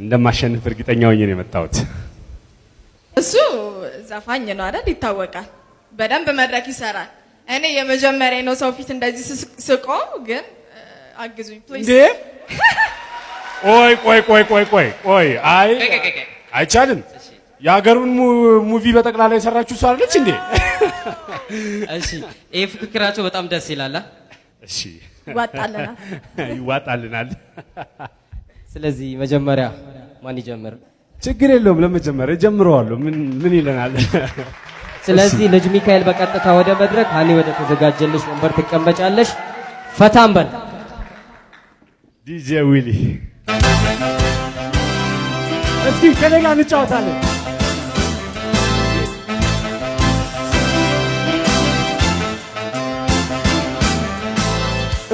እንደማሸንፍ እርግጠኛ ሆኜ ነው የመጣሁት። እሱ ዘፋኝ ነው አይደል? ይታወቃል። በደንብ መድረክ ይሰራል። እኔ የመጀመሪያ ነው ሰው ፊት እንደዚህ ስቆ፣ ግን አግዙኝ ፕሊዝ። ቆይ ቆይ ቆይ ቆይ ቆይ ቆይ፣ አይ አይቻልም። የሀገሩን ሙቪ በጠቅላላ የሰራችሁ እሷ አለች እንዴ? እሺ፣ ይሄ ፍክክራቸው በጣም ደስ ይላል። እሺ፣ ይዋጣልናል፣ ይዋጣልናል። ስለዚህ መጀመሪያ ማን ይጀምር? ችግር የለውም። ለመጀመሪያ ጀምረዋለሁ። ምን ይለናል? ስለዚህ ልጅ ሚካኤል በቀጥታ ወደ መድረክ፣ ሀኒ ወደ ተዘጋጀልሽ ወንበር ትቀመጫለሽ። ፈታም በል ዲጄ ዊሊ። እስኪ ከኔ ጋር እንጫወታለን።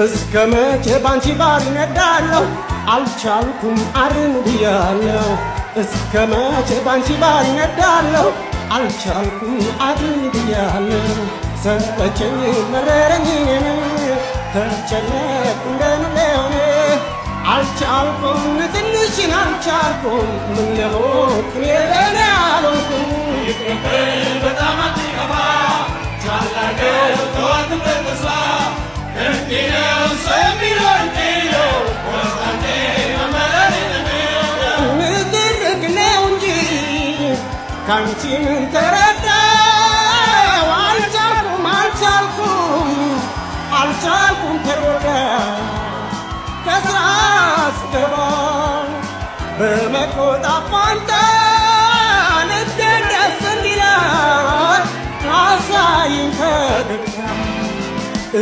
እስከ መቼ ባንቺ ባር ነዳለሁ አልቻልኩም አርን ብያለሁ እስከ መቼ ባንቺ ባልነዳለሁ አልቻልኩም አርን ብያለሁ ሰለቸኝ መረረኝ ተጨነቅ እንደንለሆነ አልቻልኩም ትንሽን አልቻልኩም ምን ለሆንኩ የለነ አልሆንኩም ይቅርብን በጣም አትከፋ ቻላገር ተዋትበት ተስፋ እንዲህ ነው ሰሚነው ካንቺን ተረዳው አልቻልኩም አልቻልኩም አልቻልኩም ተጎዳ ከስራ ስገባ በመቆጣት ፋንታ ንዴ ደስ እንዲላት አሳይን ከድካ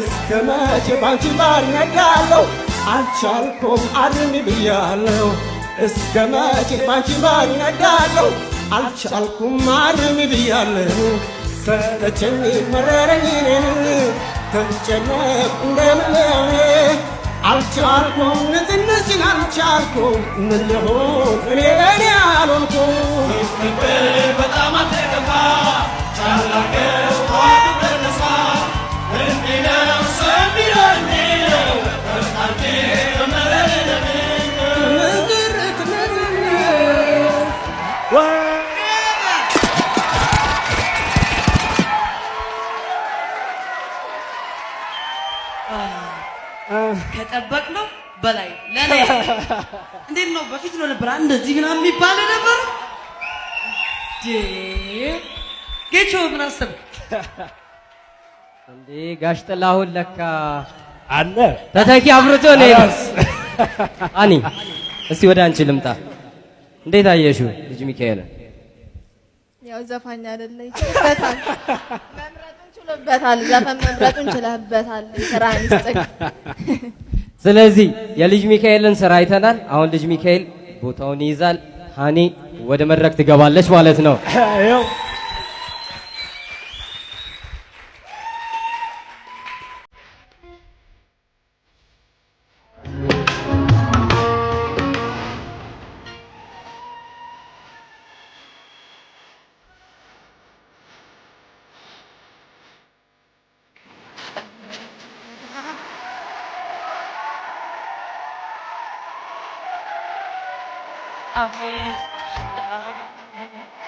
እስከ መቼ ባንቺ ባልነዳለው አልቻልኩም አድርሚ ብያለው እስከ መቼ ባንቺ ባልነዳለው አልቻልኩም ማርም ብያለሁ ሰለቸኝ መረረኝ እኔን ተጨነቅ እንደምለኔ አልቻልኩም ንጽነችን አልቻልኩም ምን ልሆን እኔ አልሆንኩም በጣም አትከፋ ቻላገው ከጠበቅነው በላይ ለኔ እንዴት ነው? በፊት ነው ነበር እንደዚህ ምናምን የሚባል ነበር። ጌቾ ምን አሰብክ እንዴ? ጋሽ ጥላሁን ለካ አለ ተተኪ አፍርቶ ነው። አኒ እስቲ ወደ አንቺ ልምጣ። እንዴት አየሽው ልጅ ሚካኤል? ያው ዘፋኝ አይደለ ይችላል መምረጡን ችሎበታል። ዘፈን መምረጡን ችለህበታል። ስራ አንስጥቅ ስለዚህ የልጅ ሚካኤልን ስራ አይተናል። አሁን ልጅ ሚካኤል ቦታውን ይይዛል። ሃኒ ወደ መድረክ ትገባለች ማለት ነው። i Amen.